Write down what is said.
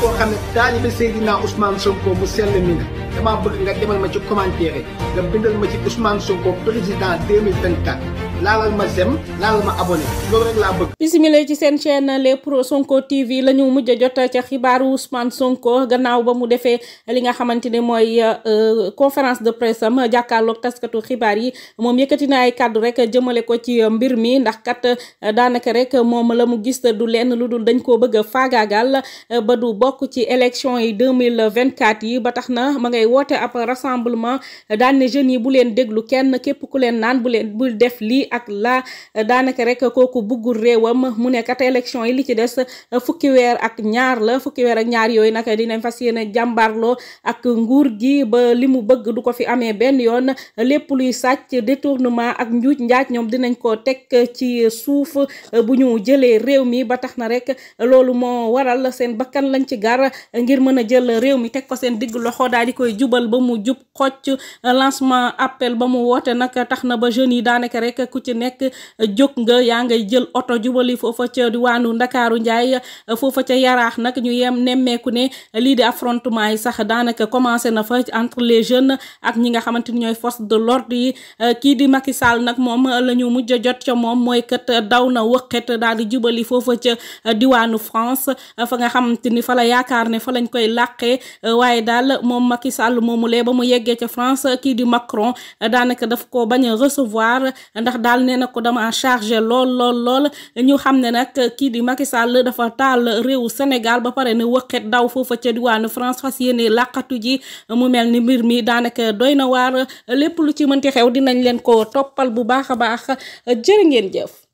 koo xam ne taalibe Seydina Ousmane Sonko mu sell mi nga dama bëgg nga demal ma ci commentaire nga bindal ma ci Ousmane Sonko président 2024 laalal ma sem laalal ma abonné loolu rek ci seen chaîne les pro Sonko TV la ñu mujj a jot ca xibaaru Ousmane Sonko gannaaw ba mu defee li nga xamante ne mooy euh, conférence de presse jàkkaarlook jàkkaarloog taskatu xibaar yi moom yëkkati na ay kàddu rek jëmale ko ci mbir mi ndax kat euh, daanaka rek moom la mu gis du lenn lu dul dañ koo bëgg a faagaagal euh, ba du bokk ci élection yi deux mille vingt quatre yi ba tax na ma ngay woote ab rassemblement daan ne jeunes yi bu leen déglu kenn képp ku leen naan bu leen lii. ak laa euh, daanaka rek kooku buggul réewam mu nekkat élection yi li ci des euh, fukki weer ak ñaar la fukki weer ak ñaar yooyu nag dinañ fas yéene jàmbaarloo ak nguur gi ba li mu bëgg du ko fi amee benn yoon lépp luy sàcc détournement ak njuuj njaaj ñoom dinañ ko teg ci suuf euh, bu ñu jëlee réew mi ba tax na rek loolu moo waral seen bakkan lañ ci gar ngir mën a jël réew mi teg ko seen digg loxo daal di koy jubal ba mu jub xocc lancement appel ba mu woote nag tax na ba jeunes ku ci nekk jóg nga yaa ngay jël oto jubali foofa ca diwaanu ndakaaru njaay foofa ca yaraax nak ñu yem nemmeeku ne lii di affrontement yi sax daanaka commencé na fa entre les jeunes ak ñi nga xamante ni ñooy force de l'ordre yi kii di Macky Sall nag moom la ñu mujj jot ca moom mooy kat daw na wëqet daal di jubali foofa ca diwaanu France fa nga xamante ni fa la yaakaar ne fa lañ koy làqee waaye daal moom Macky Sall moomu lee ba mu yeggee ca France kii di Macron daal nee na ko dama chargé lool lool lool ñu xam ne nag kii di Macky Sall dafa taal réew Sénégal ba pare ne wëqet daw foofa ca diwaanu France fas yéene làqatu ji mu mel ni mbir mi daanaka doy na waar lépp lu ci mën mënti xew dinañ leen ko toppal bu baax a baax jërë ngeen jëf